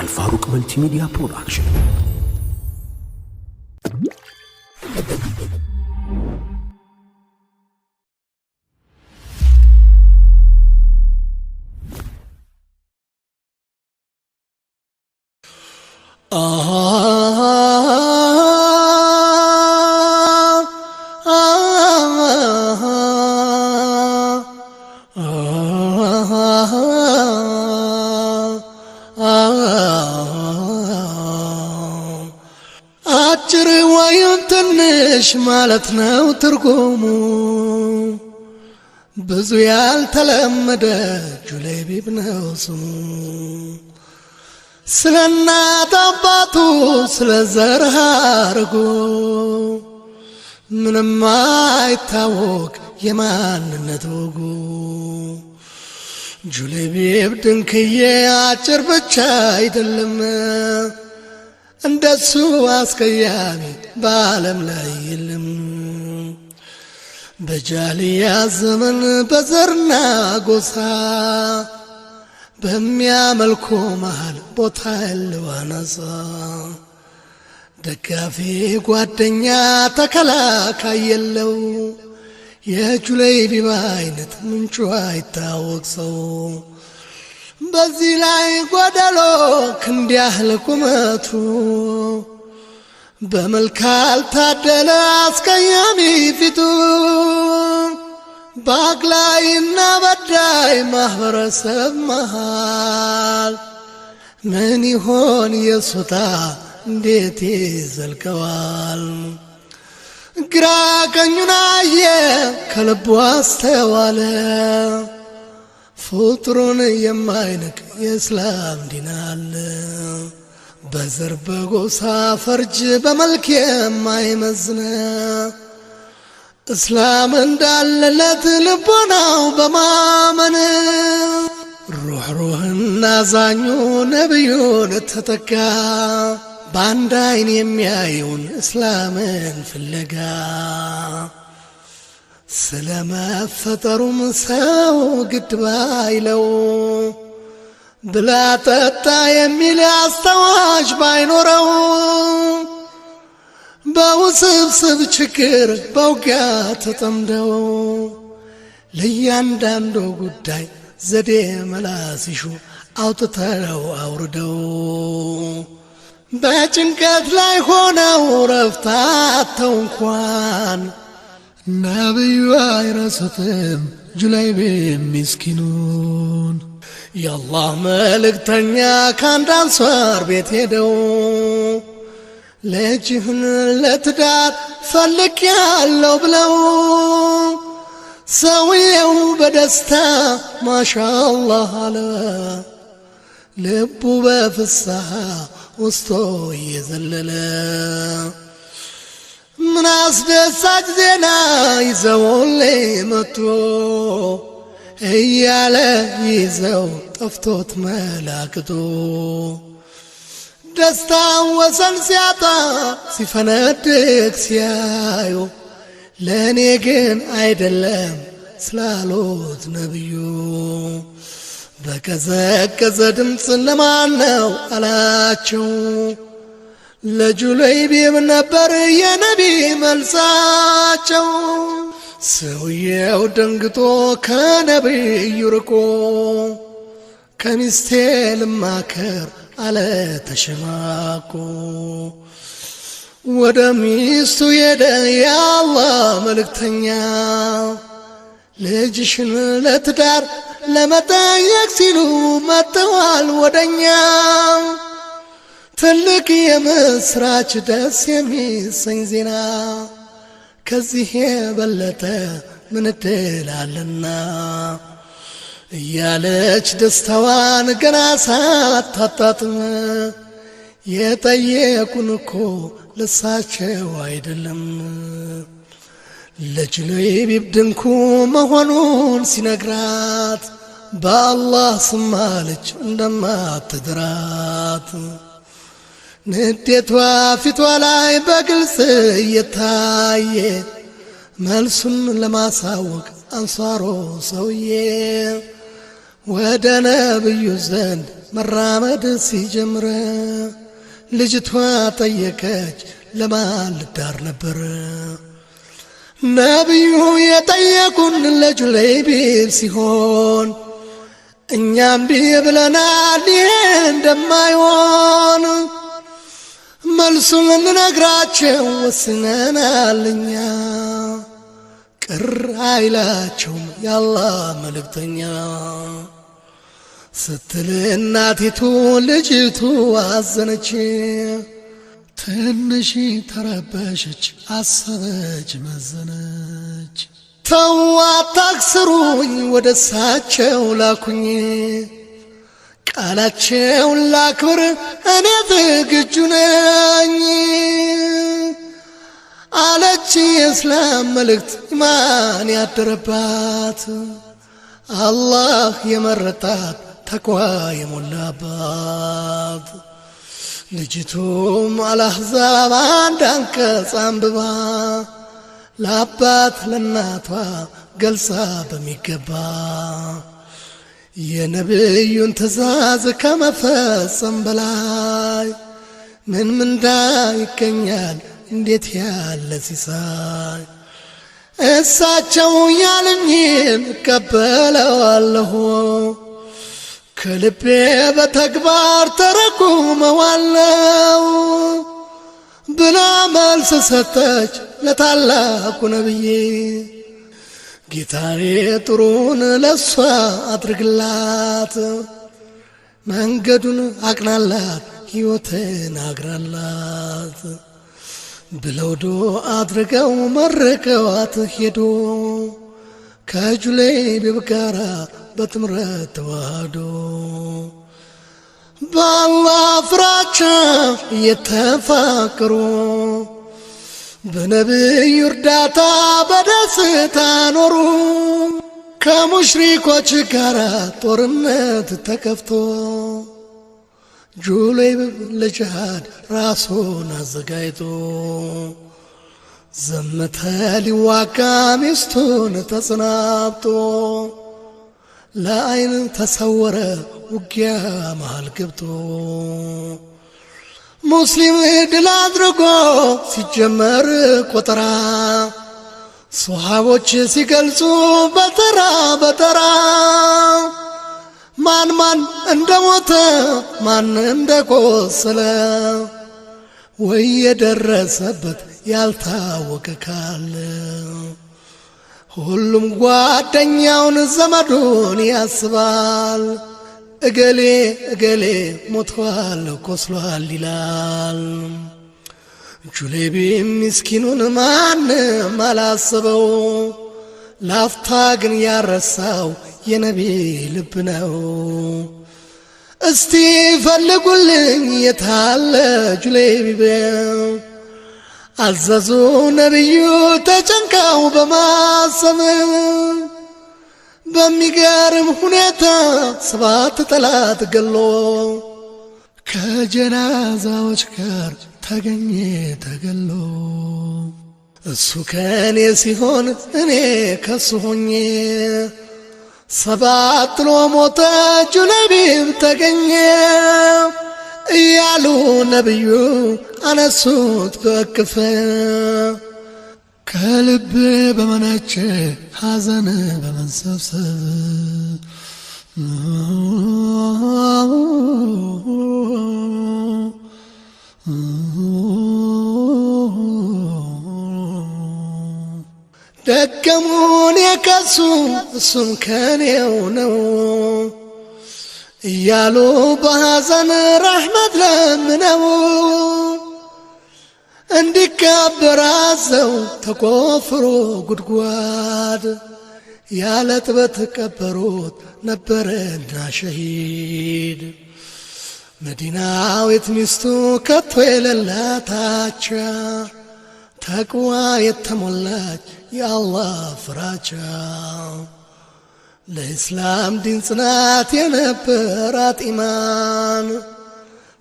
الفاروق ملتي ميديا برودكشن آه ማለት ነው ትርጉሙ። ብዙ ያልተለመደ ጁለይቢብ ነው ስሙ። ስለ እናት አባቱ ስለ ዘር ሐረጉ ምንም አይታወቅ የማንነት ወጉ። ጁለይቢብ ድንክዬ አጭር ብቻ አይደለም እንደሱ አስቀያሚ በዓለም ላይ የለም። በጃልያ ዘመን በዘርና ጎሳ በሚያመልኮ መሃል ቦታ ያለው ደጋፊ ጓደኛ ተከላካይ የለው የጁለይቢባ አይነት ምንጩ አይታወቅ ሰው በዚህ ላይ ጎደሎ ክንድ ያህል ቁመቱ በመልክ ያልታደለ አስቀያሚ ፊቱ በአግላይና በዳይ ማህበረሰብ መሃል ምን ይሆን የሱታ እንዴት ይዘልቀዋል? ግራ ቀኙን አየ ከልቡ አስተዋለ። ፍጡሩን የማይንቅ የእስላም ዲን አለ። በዘር በጎሳ ፈርጅ በመልክ የማይመዝነ እስላም እንዳለለት ልቦናው በማመን ሩህ ሩህና ዛኙ ነቢዩን ተተካ በአንድ አይን የሚያየውን እስላምን ፍለጋ ስለመፈጠሩም ሰው ግድ ባይለው ብላ ጠጣ የሚል አስታዋሽ ባይኖረው በውስብስብ ችግር በውጊያ ተጠምደው ለእያንዳንዱ ጉዳይ ዘዴ መላ ሲሹ አውጥተው አውርደው በጭንቀት ላይ ሆነው ረፍታተው እንኳን ነቢዩ አይረሱትም ጁለይቤ ምስኪኑን የአላህ መልእክተኛ ከአንድ አንሷር ቤት ሄደው ልጅህን ለትዳር ፈልግ ያለው ብለው ሰውየው በደስታ ማሻአላህ አለ። ልቡ በፍስሐ ውስቶ እየዘለለ ምን አስደሳች ዜና ይዘውል መቶ እያለ ይዘው ጠፍቶት መላክቶ ደስታን ወሰን ሲያጣ ሲፈነድቅ ሲያዩ ለእኔ ግን አይደለም ስላሉት ነብዩ በቀዘቀዘ ድምፅ ለማን ነው አላቸው። ለጁለይቢም ነበር የነቢ መልሳቸው። ሰውየው ደንግጦ ከነቢዩ ርቆ ከሚስቴ ልማከር አለ ተሸማቆ። ወደ ሚስቱ ሄደ የአላህ መልእክተኛ ልጅሽን ለትዳር ለመጠየቅ ሲሉ መጥተዋል ወደኛ ትልቅ የምስራች ደስ የሚሰኝ ዜና ከዚህ የበለጠ ምን እድል እያለች ደስታዋን ገና ሳታጣጥም የጠየቁን እኮ ለሳቸው አይደለም ለጅሎ ቢብድንኩ ድንኩ መሆኑን ሲነግራት በአላህ ስማለች እንደማትድራት ንዴቷ ፊቷ ላይ በግልጽ እየታየ መልሱን ለማሳወቅ አንሷሮ ሰውዬ ወደ ነብዩ ዘንድ መራመድ ሲጀምረ ልጅቷ ጠየቀች ለማን ልዳር ነበር? ነቢዩ የጠየቁን ለጁለይቢል ሲሆን እኛም እንዲህ ብለናል ይሄ እንደማይሆን መልሱን ልንነግራቸው ወስነናልኛ ቅር አይላቸውም ያላ መልእክተኛ ስትል እናቲቱ ልጅቱ አዘነች፣ ትንሽ ተረበሸች፣ አሰበች፣ መዘነች። ተው አታክስሩኝ ወደ እሳቸው ላኩኝ ቃላቸውን ላክብር እኔ ዝግጁ ነኝ አለች የእስላም መልእክት ኢማን ያደረባት አላህ የመረጣት ተኳ የሞላባት ልጅቱም አልአሕዛብ አንድ አንቀጽ አንብባ ለአባት ለእናቷ ገልጻ በሚገባ የነብዩን ትእዛዝ ከመፈጸም በላይ ምን ምንዳ ይገኛል? እንዴት ያለ ሲሳይ! እሳቸው ያልኝን እቀበለዋለሁ፣ ከልቤ በተግባር ተረጉመዋለሁ ብላ መልስ ሰጠች ለታላቁ ነብይ። ጌታዬ ጥሩን ለሷ አድርግላት፣ መንገዱን አቅናላት፣ ሕይወትን አግራላት ብለው ዶ አድርገው መረከዋት ሄዶ ከጁሌቢብ ጋራ በትምረት ተዋህዶ በአላ ፍራቻ የተፋቅሩ በነቢዩ እርዳታ በደስታ ኖሩ። ከሙሽሪኮች ጋር ጦርነት ተከፍቶ ጁለይብ ለጅሃድ ራሱን አዘጋጅቶ ዘመተ ሊዋጋ ሚስቱን ተጽናብቶ ለአይን ተሰወረ ውጊያ መሃል ገብቶ ሙስሊም ድል አድርጎ ሲጀመር ቆጠራ ሶሃቦች ሲገልጹ በተራ በተራ ማን ማን እንደ ሞተ ማን እንደ ቆሰለ ወይ የደረሰበት ያልታወቀ ካለ ሁሉም ጓደኛውን ዘመዱን ያስባል። እገሌ እገሌ ሞትዋል ቆስሏል ይላል። ጁሌቢ ምስኪኑን ማንም አላሰበው፣ ላፍታ ግን ያረሳው የነቢ ልብ ነው። እስቲ ፈልጉልኝ የታለ ጁሌቢ አዘዙ ነቢዩ ተጨንቀው በማሰብ በሚገርም ሁኔታ ሰባት ጠላት ገሎ ከጀናዛዎች ጋር ተገኘ ተገሎ እሱ ከእኔ ሲሆን እኔ ከሱ ሆኜ ሰባት ጥሎ ሞተ ጁለቢብ ተገኘ እያሉ ነቢዩ አነሱት በክፈ ከልብ በመነጨ ሐዘን በመንሰብሰብ ደከሙን የከሱ እሱም ከኔው ነው እያሉ በሐዘን ረሕመት ለምነው እንዲቀበራዘው ተቆፍሮ ጉድጓድ ያለ ጥበት ቀበሮት ነበረና ሸሂድ መዲናዊት ሚስቱ ከቶ የሌላታቻ ተቅዋ የተሞላች የአላህ ፍራቻ ለእስላም ድንጽናት የነበራት ኢማን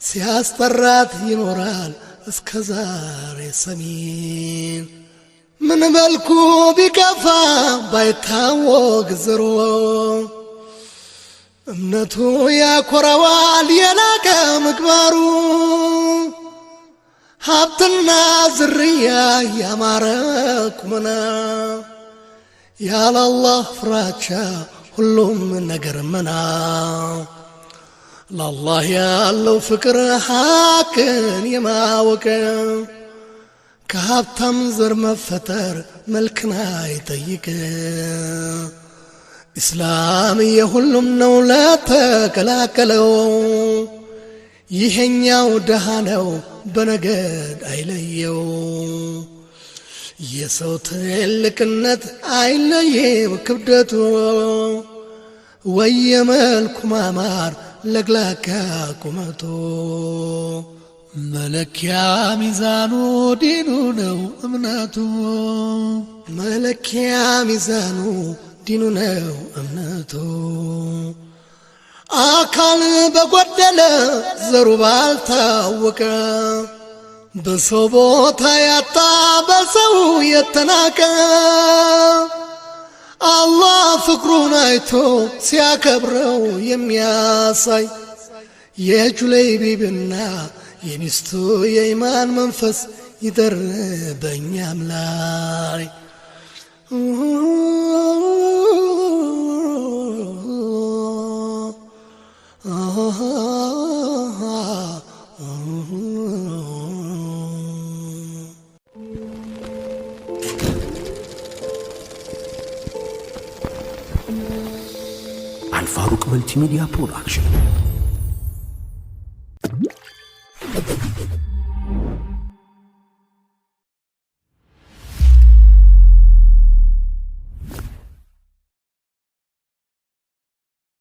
ሲያስጠራት ይኖራል እስከ ዛሬ ሰሜን ምን መልኩ ቢከፋ ባይታወቅ ዝሮ እምነቱ ያኮረዋል የላቀ ምግባሩ ሀብትና ዝርያ ያማረ ቁመና ያለ አላህ ፍራቻ ሁሉም ነገር መና ለአላህ ያለው ፍቅር ሀቅን የማወቅ ከሀብታም ዘር መፈጠር መልክን አይጠይቅ። ኢስላም የሁሉም ነው ለተቀላቀለው፣ ይሄኛው ደሃ ነው በነገድ አይለየው። የሰው ትልቅነት አይለይም ክብደቱ ወየመልኩ ማማር ለግላካ ቁመቶ መለኪያ ሚዛኑ ዲኑ ነው እምነቱ መለኪያ ሚዛኑ ዲኑ ነው እምነቱ አካል በጎደለ ዘሩ ባልታወቀ በሰው ቦታ ያጣ በሰው የተናቀ አላህ ፍቅሩን አይቶ ሲያከብረው የሚያሳይ የጁለይቢብና የሚስቱ የኢማን መንፈስ ይደር በእኛም ላይ Oh ፋሩቅ መልቲሚዲያ ፕሮዳክሽን